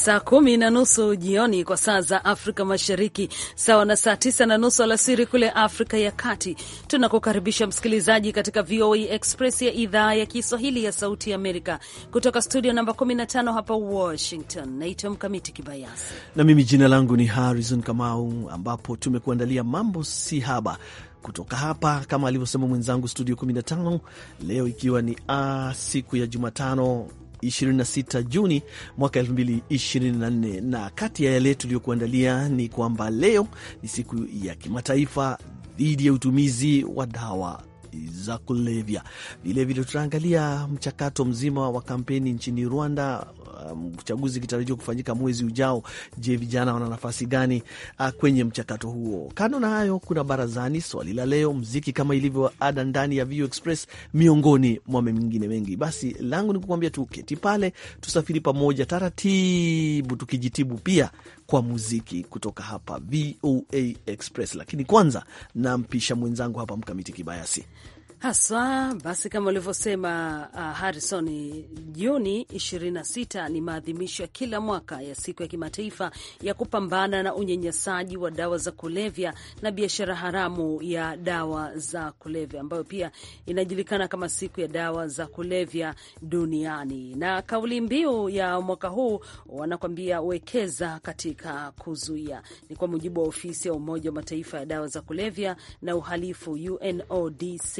saa kumi na nusu jioni kwa saa za Afrika Mashariki, sawa na saa tisa na nusu alasiri kule Afrika ya Kati. Tunakukaribisha msikilizaji katika VOA Express ya idhaa ya Kiswahili ya Sauti ya Amerika kutoka studio namba 15 hapa Washington. Naitwa Mkamiti Kibayasi na mimi jina langu ni Harrison Kamau, ambapo tumekuandalia mambo si haba kutoka hapa kama alivyosema mwenzangu studio 15, leo ikiwa ni a ah, siku ya Jumatano 26 Juni mwaka 2024, na kati ya yale tuliyokuandalia ni kwamba leo ni siku ya kimataifa dhidi ya utumizi wa dawa za kulevya. Vilevile tutaangalia mchakato mzima wa kampeni nchini Rwanda, um, uchaguzi um, kitarajiwa kufanyika mwezi ujao. Je, vijana wana nafasi gani uh, kwenye mchakato huo? Kando na hayo, kuna barazani, swali la leo, mziki kama ilivyo ada ndani ya VU Express, miongoni mwa mengine mengi. Basi langu ni kukuambia tu keti pale, tusafiri pamoja taratibu, tukijitibu pia kwa muziki kutoka hapa VOA Express. Lakini kwanza nampisha mwenzangu hapa Mkamiti Kibayasi haswa. Basi kama ulivyosema uh, Harrison, Juni 26 ni maadhimisho ya kila mwaka ya siku ya kimataifa ya kupambana na unyanyasaji wa dawa za kulevya na biashara haramu ya dawa za kulevya ambayo pia inajulikana kama siku ya dawa za kulevya duniani, na kauli mbiu ya mwaka huu wanakwambia wekeza katika kuzuia. Ni kwa mujibu wa ofisi ya Umoja wa Mataifa ya dawa za kulevya na uhalifu UNODC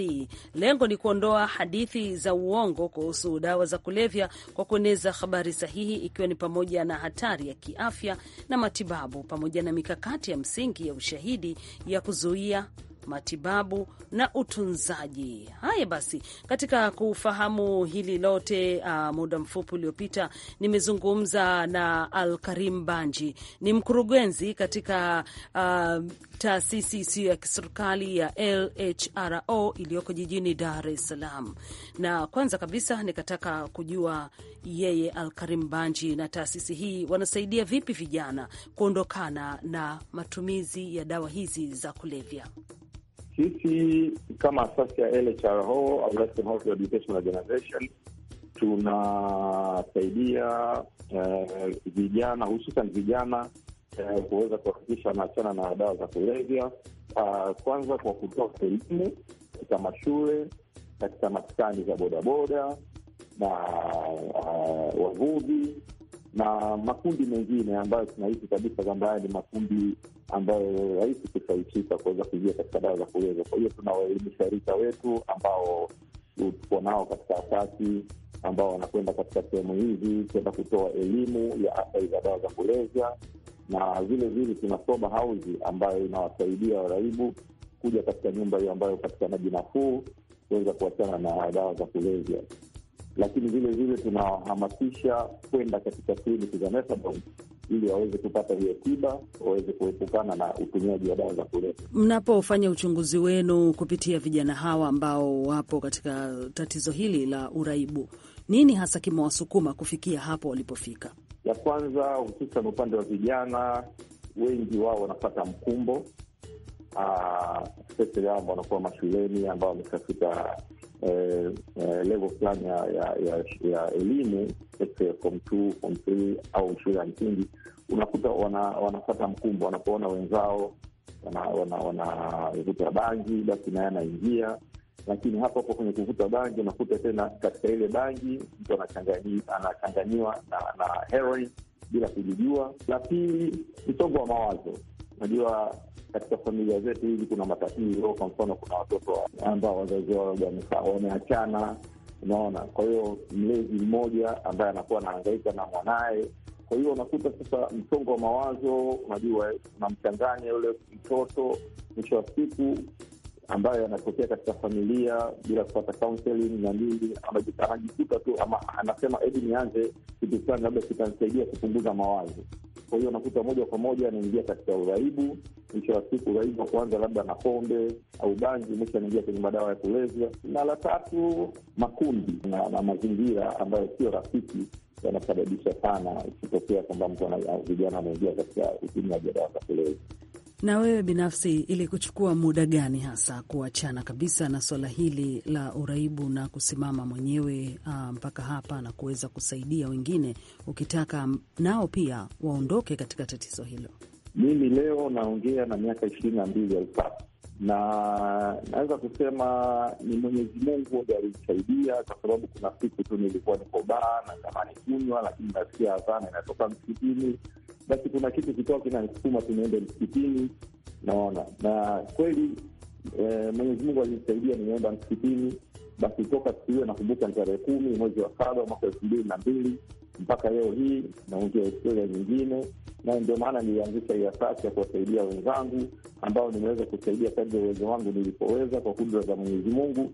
Lengo ni kuondoa hadithi za uongo kuhusu dawa za kulevya kwa kueneza habari sahihi, ikiwa ni pamoja na hatari ya kiafya na matibabu, pamoja na mikakati ya msingi ya ushahidi ya kuzuia matibabu na utunzaji. Haya basi, katika kufahamu hili lote uh, muda mfupi uliopita nimezungumza na al karim Banji, ni mkurugenzi katika uh, taasisi isiyo ya kiserikali ya LHRO iliyoko jijini Dar es Salaam, na kwanza kabisa nikataka kujua yeye al karim Banji na taasisi hii wanasaidia vipi vijana kuondokana na matumizi ya dawa hizi za kulevya. Sisi kama asasi ya LHRO au Education Organization tunasaidia eh, vijana hususan vijana eh, kuweza kuhakikisha wanaachana na dawa za kulevya uh, kwanza kwa kutoa elimu katika mashule, katika maskani za bodaboda na uh, wavuvi na makundi mengine ambayo tunahisi kabisa kwamba haya ni makundi ambayo rahisi kusawishika kuweza kuingia katika dawa za kulevya. Kwa hiyo tunawaelimisha rika wetu ambao tuko nao katika asasi ambao wanakwenda katika sehemu hizi kwenda kutoa elimu ya athari za dawa za kulevya, na vile vile soba hausi ambayo inawasaidia waraibu kuja katika nyumba hiyo ambayo upatikanaji nafuu kuweza kuachana na dawa za kulevya. Lakini vile vile tunawahamasisha kwenda katika kliniki za methadone ili waweze kupata hiyo tiba, waweze kuepukana na utumiaji wa dawa za kulevya. Mnapofanya uchunguzi wenu kupitia vijana hawa ambao wapo katika tatizo hili la uraibu, nini hasa kimewasukuma kufikia hapo walipofika? Ya kwanza, hususan upande wa vijana, wengi wao wanapata mkumbo, especially ambao wanakuwa mashuleni, ambao wametafuta eh, eh, level fulani ya, ya, ya, ya elimu form two, form three au shule ya msingi, unakuta wanapata mkumbo, wanapoona wenzao wanavuta wana, wana bangi, basi naye anaingia. Lakini hapo hapo kwenye kuvuta bangi unakuta tena katika ile bangi mtu anachanganiwa na, na heroin bila kujijua. La pili, msongo wa mawazo Unajua, katika familia zetu hizi kuna matatizo. Kwa mfano, kuna watoto ambao wazazi wao wameachana, unaona. Kwa hiyo mlezi mmoja ambaye anakuwa anahangaika na mwanaye, kwa hiyo unakuta sasa msongo wa mawazo, unajua, unamchanganya yule mtoto, mwisho wa siku ambayo anatokea katika familia bila kupata counseling na nini, anajikuta tu ama anasema edi, nianze kitu fulani labda kitanisaidia kupunguza mawazo. Kwa hiyo unakuta moja kwa moja anaingia katika uraibu, mwisho wa siku uraibu wa kuanza labda na pombe au bangi, mwisho anaingia kwenye madawa ya kulevya, na la tatu makundi na, na mazingira ambayo sio rafiki yanasababisha sana ikitokea kwamba mtu vijana anaingia katika utumiaji wa dawa za kulevya. Na wewe binafsi, ili kuchukua muda gani hasa kuachana kabisa na swala hili la uraibu na kusimama mwenyewe ah, mpaka hapa na kuweza kusaidia wengine, ukitaka nao pia waondoke katika tatizo hilo? Mimi leo naongea na miaka ishirini na mbili ya upapa na naweza kusema ni Mwenyezi Mungu ndiye kwa sababu kuna siku tu nilikuwa niko baa na tamani kunywa, lakini nasikia adhana inatoka msikitini, basi kuna kitu kitoa kinanisukuma tuniende msikitini, naona na kweli e, Mwenyezi Mungu alinisaidia, nimeenda msikitini. Basi toka siku hiyo nakumbuka ni tarehe kumi mwezi wa saba mwaka elfu mbili na mbili mpaka leo hii, naongea historia nyingine na ndio maana nilianzisha hii asasi ya kuwasaidia wenzangu ambao nimeweza kusaidia kadri ya uwezo wangu nilipoweza kwa kudra za Mwenyezi Mungu.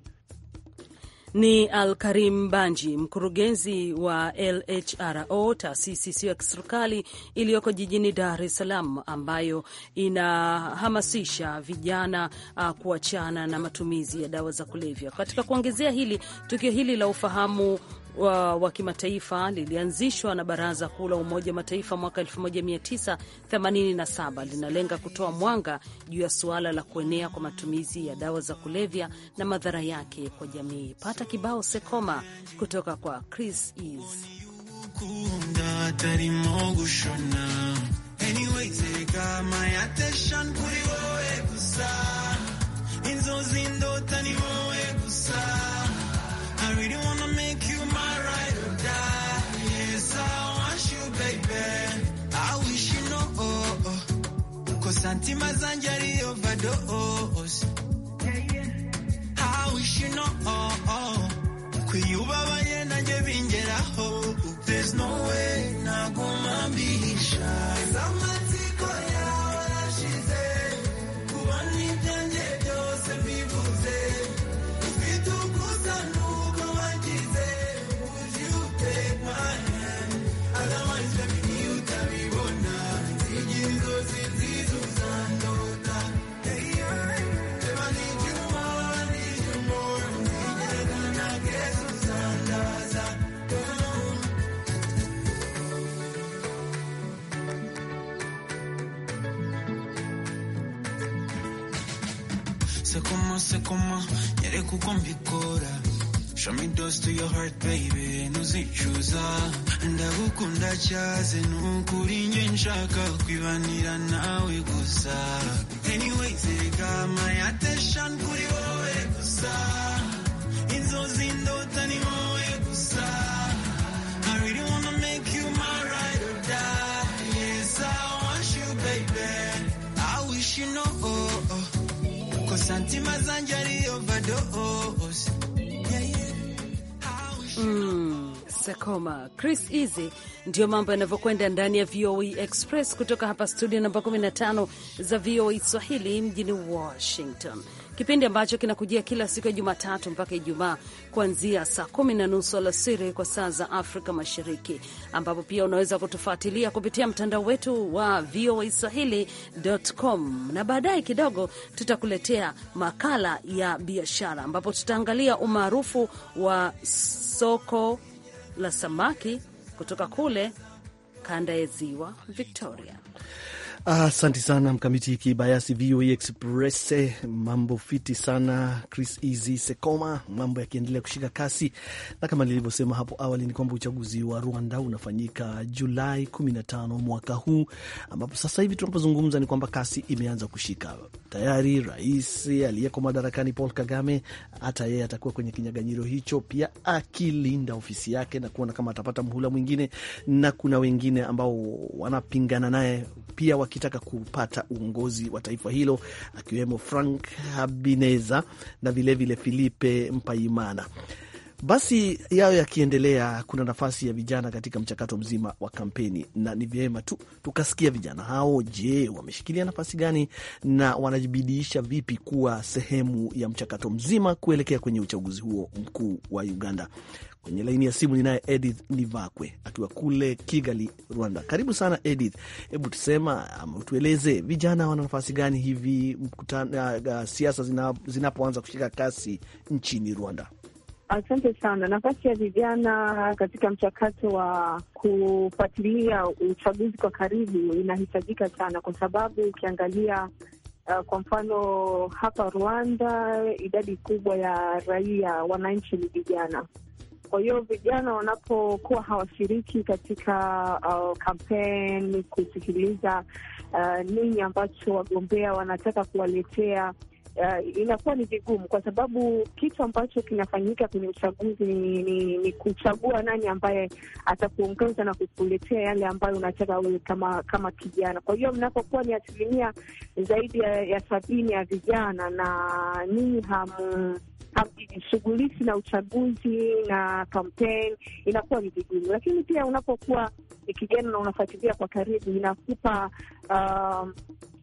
Ni karim Banji, mkurugenzi wa LHRO, taasisi isiyo ya kiserikali iliyoko jijini Dar es Salaam, ambayo inahamasisha vijana uh, kuachana na matumizi ya dawa za kulevya. Katika kuongezea hili tukio hili la ufahamu wa, wa kimataifa lilianzishwa na Baraza Kuu la Umoja Mataifa mwaka 1987 linalenga kutoa mwanga juu ya suala la kuenea kwa matumizi ya dawa za kulevya na madhara yake kwa jamii. Pata kibao Sekoma kutoka kwa Chris Ease. Santima Zanjari overdose. Yeah, yeah. How is she not? Oh, oh. There's no way. koma se koma nyereka uko mbikora show me dose to your heart baby ntuzicuza ndagukunda cyaze nukuri nge nshaka kwibanira nawe gusa anyway zereka my attention kuri wowe gusa inzozi ndota ni wowe Sekoma hmm, Chris Easy, ndiyo mambo yanavyokwenda ndani ya VOA e Express kutoka hapa studio namba 15 za VOA e Swahili mjini Washington kipindi ambacho kinakujia kila siku ya Jumatatu mpaka Ijumaa kuanzia saa kumi na nusu alasiri kwa saa za Afrika Mashariki, ambapo pia unaweza kutufuatilia kupitia mtandao wetu wa VOA Swahili.com, na baadaye kidogo tutakuletea makala ya biashara, ambapo tutaangalia umaarufu wa soko la samaki kutoka kule kanda ya ziwa Victoria. Asante ah, sana mkamiti kibayasi VOA e Express, mambo fiti sana Chris Easy Sekoma, mambo yakiendelea kushika kasi, na kama nilivyosema hapo awali ni kwamba uchaguzi wa Rwanda unafanyika Julai 15 mwaka huu, ambapo sasa hivi tunapozungumza ni kwamba kasi imeanza kushika tayari. Rais aliyeko madarakani Paul Kagame, hata yeye atakuwa kwenye kinyaganyiro hicho pia, akilinda ofisi yake na kuona kama atapata mhula mwingine, na kuna wengine ambao wanapingana naye pia waki akitaka kupata uongozi wa taifa hilo akiwemo Frank Habineza na vilevile vile Filipe Mpaimana. Basi yayo yakiendelea, kuna nafasi ya vijana katika mchakato mzima wa kampeni, na ni vyema tu tukasikia vijana hao, je, wameshikilia nafasi gani na wanajibidiisha vipi kuwa sehemu ya mchakato mzima kuelekea kwenye uchaguzi huo mkuu wa Uganda. Kwenye laini ya simu ninaye Edith Nivakwe akiwa kule Kigali, Rwanda. Karibu sana Edith, hebu tusema ama tueleze vijana wana nafasi gani hivi mkutana, uh, ah, siasa zinapoanza kushika kasi nchini Rwanda? Asante sana. Nafasi ya vijana katika mchakato wa kufuatilia uchaguzi kwa karibu inahitajika sana, kwa sababu ukiangalia uh, kwa mfano hapa Rwanda idadi kubwa ya raia wananchi ni vijana kwa hiyo vijana wanapokuwa hawashiriki katika uh, kusikiliza uh, nini ambacho wagombea wanataka kuwaletea Uh, inakuwa ni vigumu kwa sababu kitu ambacho kinafanyika kwenye uchaguzi ni, ni, ni kuchagua nani ambaye atakuongoza na kukuletea yale ambayo unataka wewe kama kama kijana. Kwa hiyo mnapokuwa ni asilimia zaidi ya, ya sabini ya vijana na ninyi hamu shughuliki na uchaguzi na kampeni inakuwa ni vigumu, lakini pia unapokuwa ni kijana na unafuatilia kwa karibu, inakupa uh,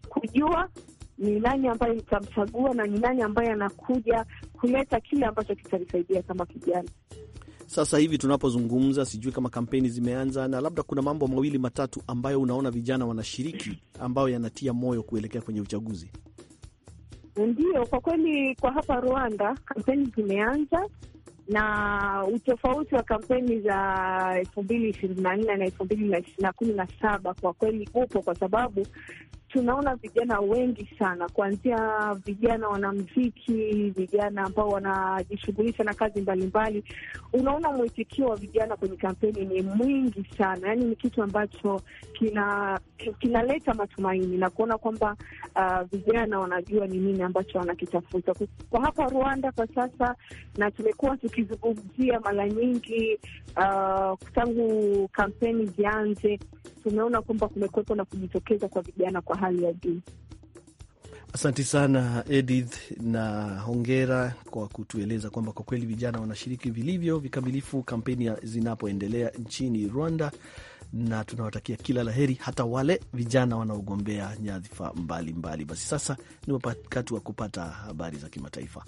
kujua ni nani ambaye nitamchagua na ni nani ambaye anakuja kuleta kile ambacho kitanisaidia kama kijana. Sasa hivi tunapozungumza, sijui kama kampeni zimeanza, na labda kuna mambo mawili matatu ambayo unaona vijana wanashiriki ambayo yanatia moyo kuelekea kwenye uchaguzi ndio kwa kweli, kwa hapa Rwanda kampeni zimeanza na utofauti wa kampeni za elfu mbili ishirini na nne na elfu mbili na kumi na saba kwa kweli upo, kwa sababu tunaona vijana wengi sana, kuanzia vijana wanamziki, vijana ambao wanajishughulisha na kazi mbalimbali. Unaona mwitikio wa vijana kwenye kampeni ni mwingi sana, yaani ni kitu ambacho kina kinaleta matumaini na kuona kwamba uh, vijana wanajua ni nini ambacho wanakitafuta kwa hapa Rwanda kwa sasa, na tumekuwa tukizungumzia mara nyingi uh, tangu kampeni zianze tumeona kwamba kumekuwepo na kujitokeza kwa vijana kwa hali ya juu. asanti sana Edith, na hongera kwa kutueleza kwamba kwa kweli vijana wanashiriki vilivyo vikamilifu kampeni zinapoendelea nchini Rwanda, na tunawatakia kila laheri, hata wale vijana wanaogombea nyadhifa mbalimbali. Basi sasa ni wakati wa kupata habari za kimataifa.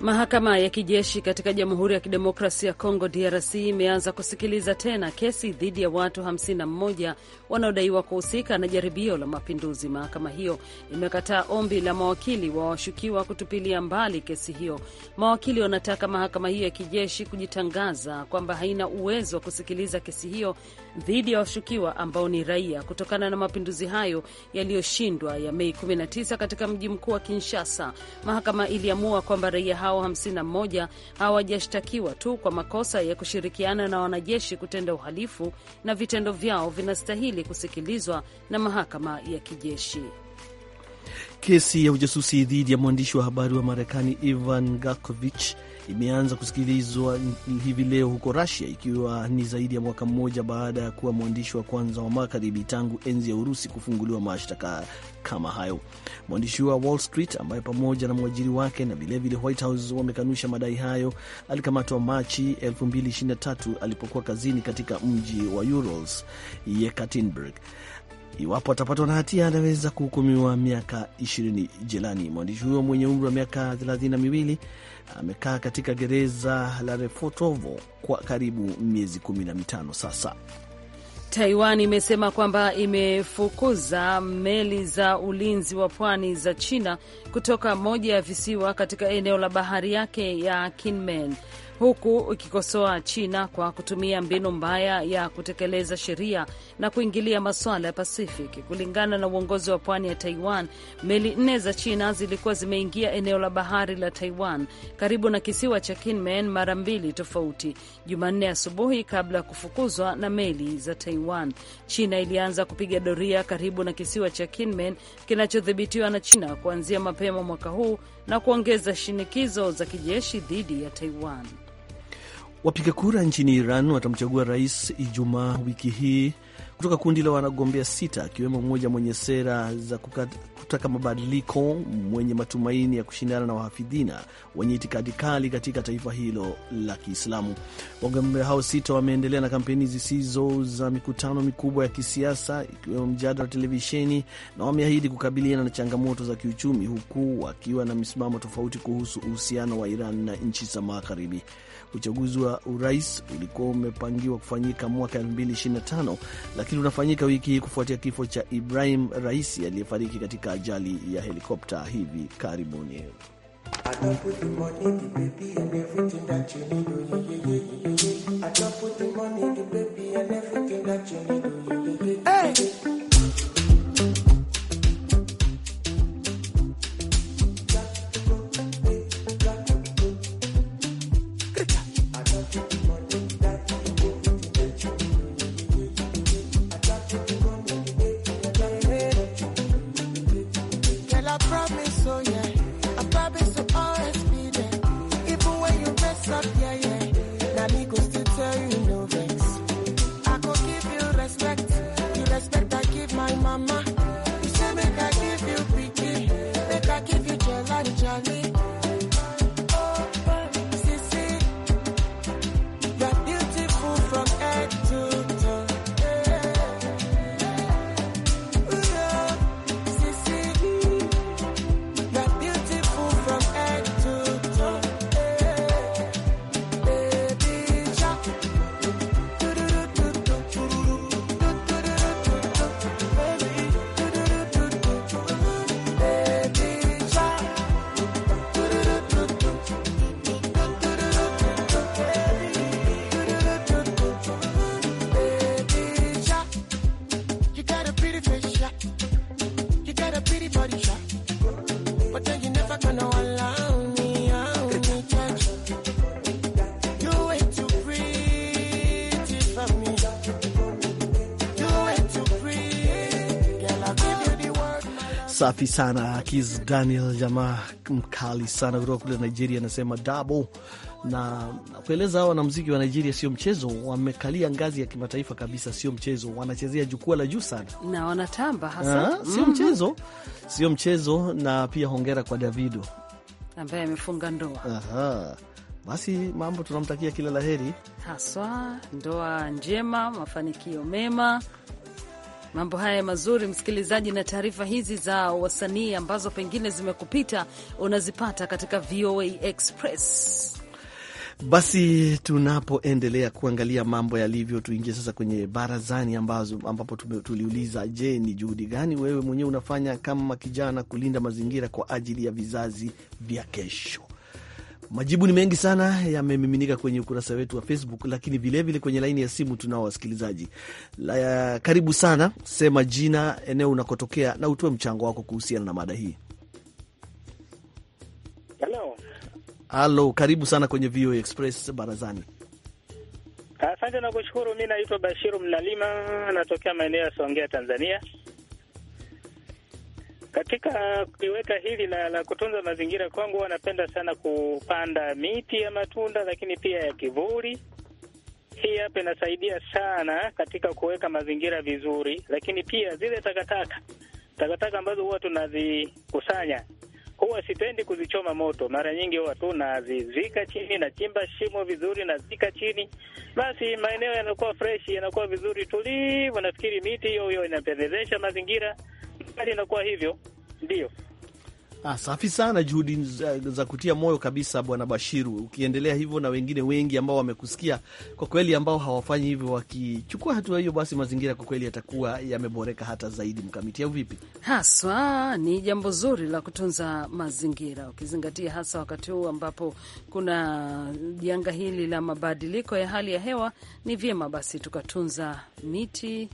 Mahakama ya kijeshi katika Jamhuri ya Kidemokrasia ya Kongo DRC imeanza kusikiliza tena kesi dhidi ya watu 51 wanaodaiwa kuhusika na jaribio la mapinduzi. Mahakama hiyo imekataa ombi la mawakili wa washukiwa kutupilia mbali kesi hiyo. Mawakili wanataka mahakama hiyo ya kijeshi kujitangaza kwamba haina uwezo wa kusikiliza kesi hiyo dhidi ya washukiwa ambao ni raia kutokana na mapinduzi hayo yaliyoshindwa ya Mei 19 katika mji mkuu wa Kinshasa. Mahakama iliamua kwamba raia hao 51 hawajashtakiwa tu kwa makosa ya kushirikiana na wanajeshi kutenda uhalifu, na vitendo vyao vinastahili kusikilizwa na mahakama ya kijeshi. Kesi ya ujasusi dhidi ya mwandishi wa habari wa Marekani Ivan Gakovich imeanza kusikilizwa hivi leo huko Rusia, ikiwa ni zaidi ya mwaka mmoja baada ya kuwa mwandishi wa kwanza wa magharibi tangu enzi ya Urusi kufunguliwa mashtaka kama hayo. Mwandishi wa Wall Street ambaye pamoja na mwajiri wake na vilevile White House wamekanusha madai hayo, alikamatwa Machi 2023 alipokuwa kazini katika mji wa Urals Yekaterinburg. Iwapo atapatwa na hatia, anaweza kuhukumiwa miaka ishirini jelani. Mwandishi huyo mwenye umri wa miaka thelathini na miwili amekaa katika gereza la Refotovo kwa karibu miezi kumi na mitano sasa. Taiwan imesema kwamba imefukuza meli za ulinzi wa pwani za China kutoka moja ya visiwa katika eneo la bahari yake ya Kinmen huku ikikosoa China kwa kutumia mbinu mbaya ya kutekeleza sheria na kuingilia masuala ya Pasifiki. Kulingana na uongozi wa pwani ya Taiwan, meli nne za China zilikuwa zimeingia eneo la bahari la Taiwan karibu na kisiwa cha Kinmen mara mbili tofauti Jumanne asubuhi kabla ya kufukuzwa na meli za Taiwan. China ilianza kupiga doria karibu na kisiwa cha Kinmen kinachodhibitiwa na China kuanzia mapema mwaka huu na kuongeza shinikizo za kijeshi dhidi ya Taiwan. Wapiga kura nchini Iran watamchagua rais Ijumaa wiki hii kutoka kundi la wanagombea sita, akiwemo mmoja mwenye sera za kutaka mabadiliko, mwenye matumaini ya kushindana na wahafidhina wenye itikadi kali katika taifa hilo la Kiislamu. Wagombea hao sita wameendelea na kampeni zisizo za mikutano mikubwa ya kisiasa, ikiwemo mjadala wa televisheni, na wameahidi kukabiliana na changamoto za kiuchumi, huku wakiwa na misimamo tofauti kuhusu uhusiano wa Iran na nchi za Magharibi. Uchaguzi wa urais ulikuwa umepangiwa kufanyika mwaka 2025 lakini unafanyika wiki hii kufuatia kifo cha Ibrahim Raisi aliyefariki katika ajali ya helikopta hivi karibuni. Hey! Safi sana Kis Daniel, jamaa mkali sana kutoka kule Nigeria, anasema dabo na kueleza hawa wanamziki wa Nigeria sio mchezo, wamekalia ngazi ya kimataifa kabisa, sio mchezo, wanachezea jukwaa la juu sana na wanatamba hasa, ah, sio mm -hmm. mchezo, sio mchezo. Na pia hongera kwa Davido ambaye amefunga ndoa. Aha. Basi mambo, tunamtakia kila heri haswa, ndoa njema, mafanikio mema Mambo haya mazuri, msikilizaji, na taarifa hizi za wasanii ambazo pengine zimekupita unazipata katika VOA Express. Basi tunapoendelea kuangalia mambo yalivyo, tuingie sasa kwenye barazani ambazo, ambapo tuliuliza, je, ni juhudi gani wewe mwenyewe unafanya kama kijana kulinda mazingira kwa ajili ya vizazi vya kesho? Majibu ni mengi sana yamemiminika kwenye ukurasa wetu wa Facebook, lakini vilevile kwenye laini ya simu tunao wasikilizaji. Karibu sana, sema jina, eneo unakotokea na utoe mchango wako kuhusiana na mada hii. Halo, halo, karibu sana kwenye VOA Express barazani. Asante na kushukuru. Mi naitwa Bashiru Mnalima, natokea maeneo ya Songea, Tanzania. Katika kuliweka hili la, la kutunza mazingira kwangu, wanapenda sana kupanda miti ya matunda, lakini pia ya kivuli. Hii hapa inasaidia sana katika kuweka mazingira vizuri, lakini pia zile takataka takataka ambazo huwa tunazikusanya huwa sipendi kuzichoma moto. Mara nyingi huwa tu nazizika chini, nachimba shimo vizuri, nazika chini, basi maeneo yanakuwa freshi, yanakuwa vizuri, tulivu. Nafikiri miti hiyo hiyo inapendezesha mazingira serikali inakuwa hivyo ndio. Ah, safi sana, juhudi za, za kutia moyo kabisa Bwana Bashiru, ukiendelea hivyo na wengine wengi ambao wamekusikia kwa kweli, ambao hawafanyi hivyo, wakichukua hatua hiyo, basi mazingira kwa kweli yatakuwa yameboreka hata zaidi. Mkamiti au vipi? Haswa ni jambo zuri la kutunza mazingira, ukizingatia hasa wakati huu ambapo kuna janga hili la mabadiliko ya hali ya hewa. Ni vyema basi tukatunza miti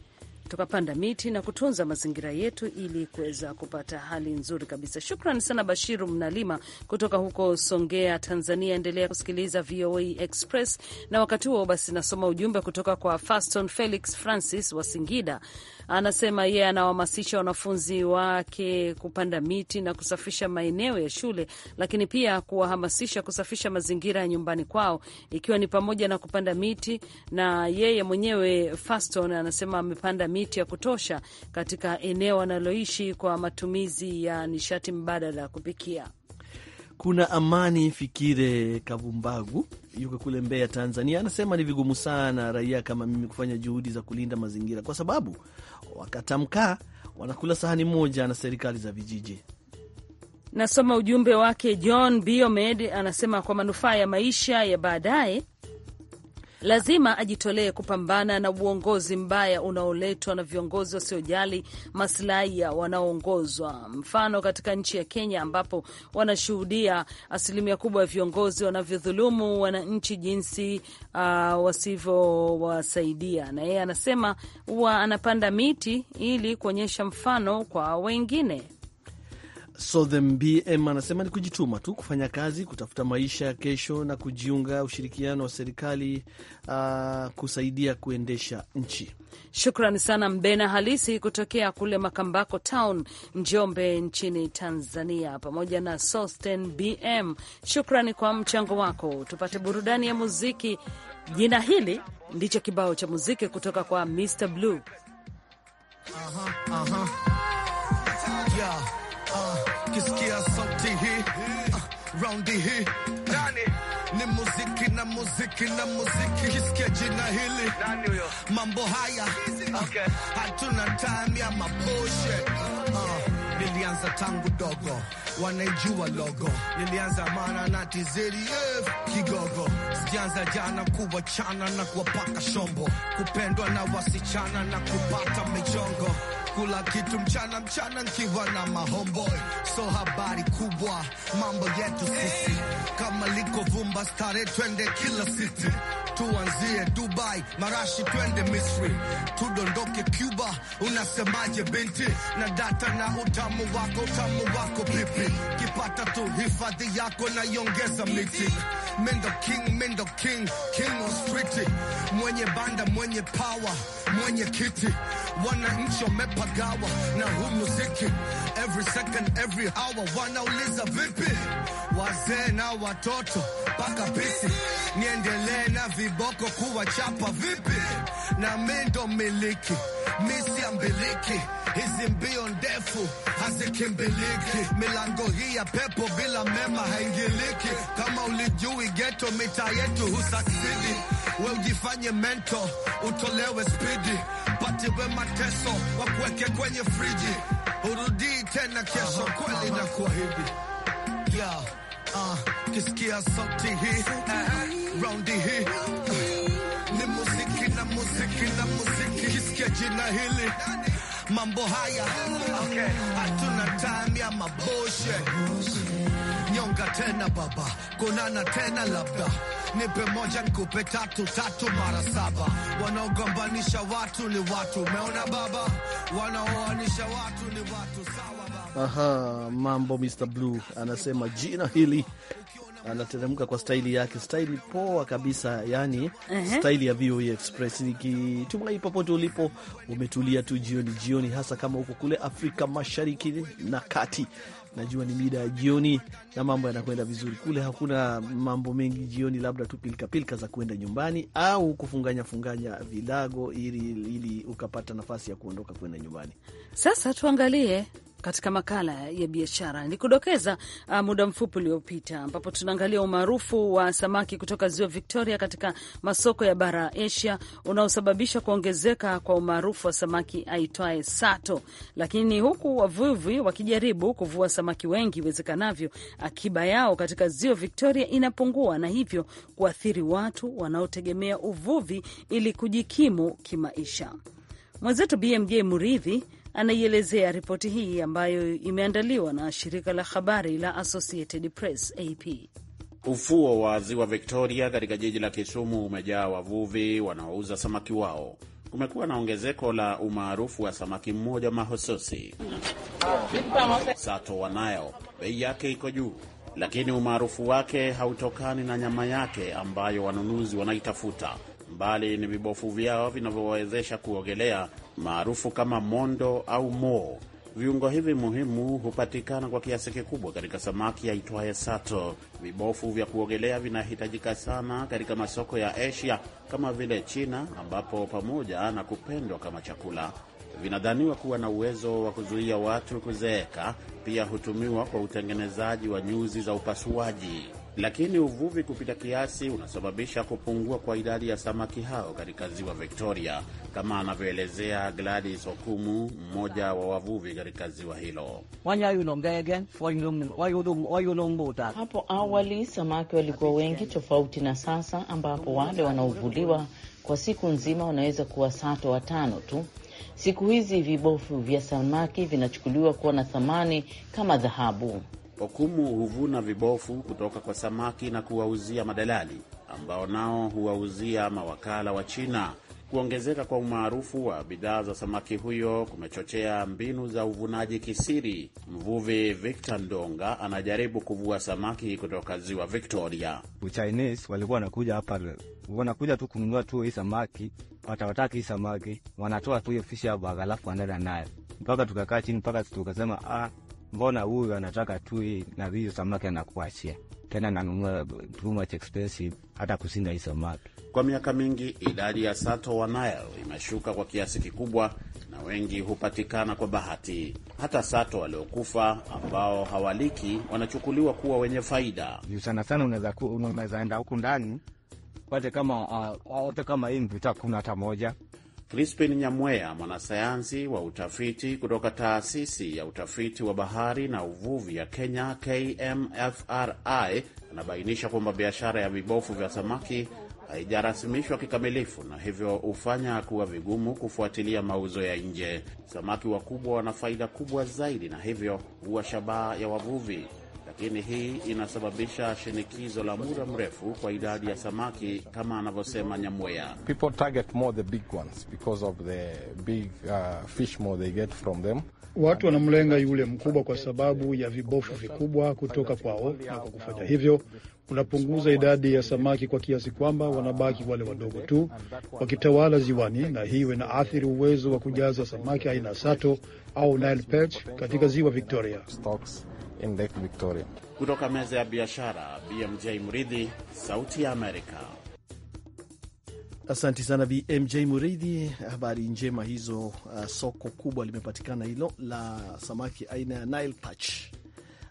tukapanda miti na kutunza mazingira yetu ili kuweza kupata hali nzuri kabisa. Shukran sana Bashiru Mnalima kutoka huko Songea, Tanzania. Endelea kusikiliza VOA Express, na wakati huo basi nasoma ujumbe kutoka kwa Faston Felix Francis wa Singida anasema yeye anawahamasisha wanafunzi wake kupanda miti na kusafisha maeneo ya shule, lakini pia kuwahamasisha kusafisha mazingira ya nyumbani kwao, ikiwa ni pamoja na kupanda miti. Na yeye mwenyewe Faston anasema amepanda miti ya kutosha katika eneo analoishi kwa matumizi ya nishati mbadala ya kupikia. Kuna Amani Fikire Kavumbagu yuko kule Mbeya, Tanzania, anasema ni vigumu sana raia kama mimi kufanya juhudi za kulinda mazingira kwa sababu wakatamkaa wanakula sahani moja na serikali za vijiji. Nasoma ujumbe wake John Biomed anasema kwa manufaa ya maisha ya baadaye lazima ajitolee kupambana na uongozi mbaya unaoletwa na viongozi wasiojali maslahi ya wanaoongozwa. Mfano, katika nchi ya Kenya ambapo wanashuhudia asilimia kubwa ya viongozi wanavyodhulumu wananchi jinsi uh, wasivyowasaidia. Na yeye anasema huwa anapanda miti ili kuonyesha mfano kwa wengine. SothemBM anasema ni kujituma tu, kufanya kazi, kutafuta maisha ya kesho na kujiunga ushirikiano wa serikali uh, kusaidia kuendesha nchi. Shukrani sana Mbena Halisi kutokea kule Makambako Town, Njombe nchini Tanzania, pamoja na Sosten BM. Shukrani kwa mchango wako. Tupate burudani ya muziki. Jina hili ndicho kibao cha muziki kutoka kwa Mr Blue. uh -huh, uh -huh. Yeah kisikia sauti hii uh, ah, raundi hii nani ni muziki na muziki na muziki, kisikia jina hili, mambo haya okay. Ah, hatuna time ya maboshe uh, ah, nilianza tangu dogo, wanaijua logo, nilianza maana na tizeri kigogo, sikianza jana kuwachana na kuwapaka shombo, kupendwa na wasichana na kupata michongo kula kitu mchana mchana nkiwa na mahomboy, so habari kubwa mambo yetu sisi, kama liko vumba stare, twende kila city, tuanzie Dubai, marashi twende Misri, tudondoke Cuba. Unasemaje binti? na data na utamu wako, utamu wako pipi? Kipata tu hifadhi yako na miti. Mendo king, mendo king, king on street, mwenye banda, mwenye power, mwenye kiti wananchi wamepagawa na huu muziki every second every hour, wanauliza vipi wazee na watoto mpaka pisi, niendelee na viboko kuwachapa vipi? na mimi ndo mmiliki, mimi siambiliki. Hizi mbio ndefu hazikimbiriki, milango hii ya pepo bila mema haingiliki. Kama ulijui geto, mita yetu husaksidi. We ujifanye mento, utolewe spidi, we mateso, wakweke kwenye friji, urudii tena kesho. Kweli na kuwa hivi yeah, uh, kisikia sauti hii uh, eh, eh, raundi hii kila muziki kisikia jina hili mambo haya okay. Hatuna time ya maboshe nyonga tena baba, kunana tena labda, nipe moja nikupe tatu tatu mara saba. Wanaogombanisha watu ni watu, umeona baba, wanaoanisha watu ni watu, sawa baba. Aha, mambo Mr Blue anasema jina hili anateremka kwa staili yake, staili poa kabisa, yani uh -huh. staili ya VOA e Express. Nikitumai popote ulipo umetulia tu jioni jioni, hasa kama huko kule Afrika Mashariki na Kati. Najua ni mida ya jioni na mambo yanakwenda vizuri kule, hakuna mambo mengi jioni, labda tu pilkapilka za kuenda nyumbani au kufunganya funganya vilago ili, ili ukapata nafasi ya kuondoka kwenda nyumbani. Sasa tuangalie katika makala ya biashara nilikudokeza uh, muda mfupi uliopita, ambapo tunaangalia umaarufu wa samaki kutoka ziwa Victoria katika masoko ya bara Asia unaosababisha kuongezeka kwa umaarufu wa samaki aitwaye sato, lakini huku wavuvi wakijaribu kuvua samaki wengi iwezekanavyo, akiba yao katika ziwa Victoria inapungua na hivyo kuathiri watu wanaotegemea uvuvi ili kujikimu kimaisha. Mwenzetu BMJ Muridhi anaielezea ripoti hii ambayo imeandaliwa na shirika la habari la Associated Press AP. Ufuo wa ziwa Victoria katika jiji la Kisumu umejaa wavuvi wanaouza samaki wao. Kumekuwa na ongezeko la umaarufu wa samaki mmoja mahususi sato wanayo. Bei yake iko juu, lakini umaarufu wake hautokani na nyama yake ambayo wanunuzi wanaitafuta, mbali ni vibofu vyao vinavyowawezesha kuogelea maarufu kama mondo au mo. Viungo hivi muhimu hupatikana kwa kiasi kikubwa katika samaki aitwaye sato. Vibofu vya kuogelea vinahitajika sana katika masoko ya Asia kama vile China, ambapo pamoja na kupendwa kama chakula vinadhaniwa kuwa na uwezo wa kuzuia watu kuzeeka. Pia hutumiwa kwa utengenezaji wa nyuzi za upasuaji lakini uvuvi kupita kiasi unasababisha kupungua kwa idadi ya samaki hao katika ziwa Victoria, kama anavyoelezea Gladys Okumu, mmoja wa wavuvi katika ziwa hilo. Hapo awali samaki walikuwa wengi tofauti na sasa, ambapo wale wanaovuliwa kwa siku nzima wanaweza kuwa sato watano tu. Siku hizi vibofu vya samaki vinachukuliwa kuwa na thamani kama dhahabu. Okumu huvuna vibofu kutoka kwa samaki na kuwauzia madalali ambao nao huwauzia mawakala wa China. Kuongezeka kwa umaarufu wa bidhaa za samaki huyo kumechochea mbinu za uvunaji kisiri. Mvuvi Victor Ndonga anajaribu kuvua samaki kutoka ziwa Victoria. Chinese walikuwa wanakuja hapa, wanakuja tu kununua tu hii samaki, watawataki hii samaki, wanatoa tu hiyo fishi hapo, alafu wanaenda nayo mpaka tukakaa chini, mpaka tukasema ah, mbona huyu anataka tu na hiyo samaki anakuachia tena, nanunua too much expensive hata kusinda hii samaki. Kwa miaka mingi idadi ya sato wa Nile imeshuka kwa kiasi kikubwa, na wengi hupatikana kwa bahati. Hata sato waliokufa ambao hawaliki wanachukuliwa kuwa wenye faida. Sana sana unaweza enda huku ndani pate kama uh, ah, wote kama hii mvita kuna hata moja Crispin nyamwea mwanasayansi wa utafiti kutoka taasisi ya utafiti wa bahari na uvuvi ya Kenya, KMFRI, anabainisha kwamba biashara ya vibofu vya samaki haijarasimishwa kikamilifu na hivyo hufanya kuwa vigumu kufuatilia mauzo ya nje. Samaki wakubwa wana faida kubwa zaidi na hivyo huwa shabaha ya wavuvi lakini hii inasababisha shinikizo la muda mrefu kwa idadi ya samaki kama anavyosema Nyamweya. Watu wanamlenga yule mkubwa kwa sababu ya vibofu vikubwa kutoka kwao, na kwa kufanya hivyo unapunguza idadi ya samaki kwa kiasi kwamba wanabaki wale wadogo tu wakitawala ziwani, na hiyo inaathiri uwezo wa kujaza samaki aina sato au Nile perch katika ziwa Victoria in Lake Victoria. Kutoka meza ya biashara, BMJ Mridhi, Sauti ya Amerika. Asante sana BMJ Muridhi, habari njema hizo. Uh, soko kubwa limepatikana hilo la samaki aina ya Nile Perch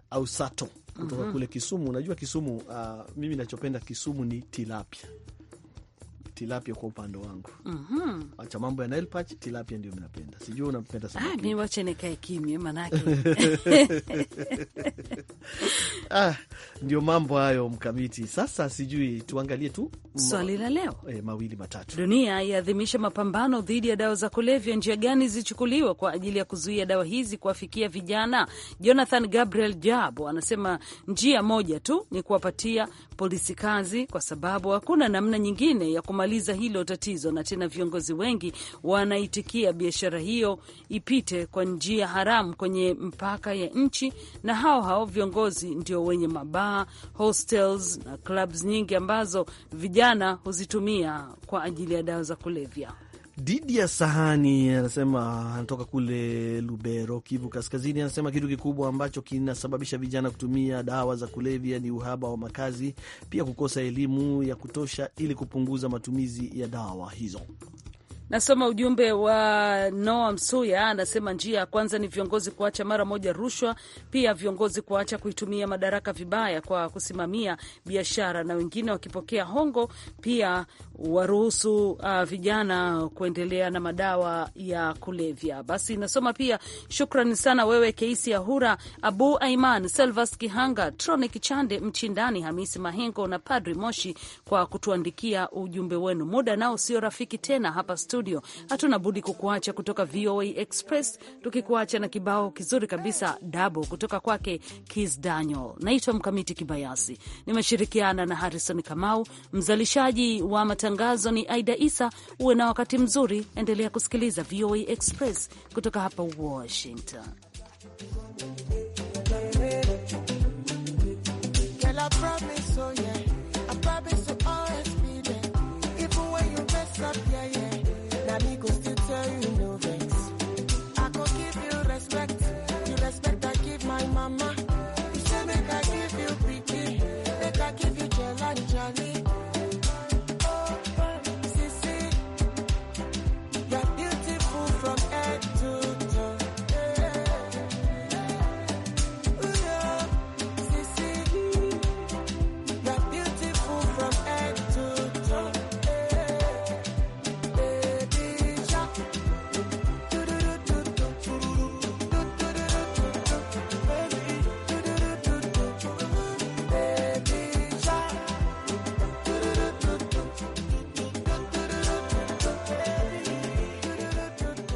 au sato kutoka mm -hmm. kule Kisumu. Unajua Kisumu, uh, mimi nachopenda Kisumu ni tilapia tilapia kwa upande wangu. mm -hmm. Acha mambo ya Nile Perch, tilapia ndio mnapenda. Sijui unampenda sana. Ah, mimi nikae kimya manake. Ah, ndio mambo hayo mkamiti. Sasa sijui tuangalie tu swali la leo e, mawili matatu. Dunia yaadhimisha mapambano dhidi ya dawa za kulevya. Njia gani zichukuliwa kwa ajili ya kuzuia dawa hizi kuwafikia vijana? Jonathan Gabriel Jabo anasema njia moja tu ni kuwapatia polisi kazi, kwa sababu hakuna namna nyingine ya kumaliza kumaliza hilo tatizo, na tena viongozi wengi wanaitikia biashara hiyo ipite kwa njia haramu kwenye mpaka ya nchi, na hao hao viongozi ndio wenye mabaa, hostels na clubs nyingi ambazo vijana huzitumia kwa ajili ya dawa za kulevya ya Sahani anasema anatoka kule Lubero, Kivu Kaskazini. Anasema kitu kikubwa ambacho kinasababisha vijana kutumia dawa za kulevya ni uhaba wa makazi, pia kukosa elimu ya kutosha ili kupunguza matumizi ya dawa hizo. Nasoma ujumbe wa Noa Msuya, anasema njia ya kwanza ni viongozi kuacha mara moja rushwa, pia viongozi kuacha kuitumia madaraka vibaya kwa kusimamia biashara, na wengine wakipokea hongo pia waruhusu uh, vijana kuendelea na madawa ya kulevya. Basi nasoma pia, shukrani sana wewe Keisi Ahura, Abu Aiman, Selvas Kihanga, Tronic Chande, Mchindani Hamisi Mahengo na Padri Moshi kwa kutuandikia ujumbe wenu. Muda nao sio rafiki tena hapa studio studio, hatuna budi kukuacha kutoka VOA Express, tukikuacha na kibao kizuri kabisa dabo kutoka kwake Kis Daniel. Naitwa Mkamiti Kibayasi, nimeshirikiana na Harrison Kamau. Mzalishaji wa matangazo ni Aida Isa. Uwe na wakati mzuri, endelea kusikiliza VOA Express kutoka hapa Washington.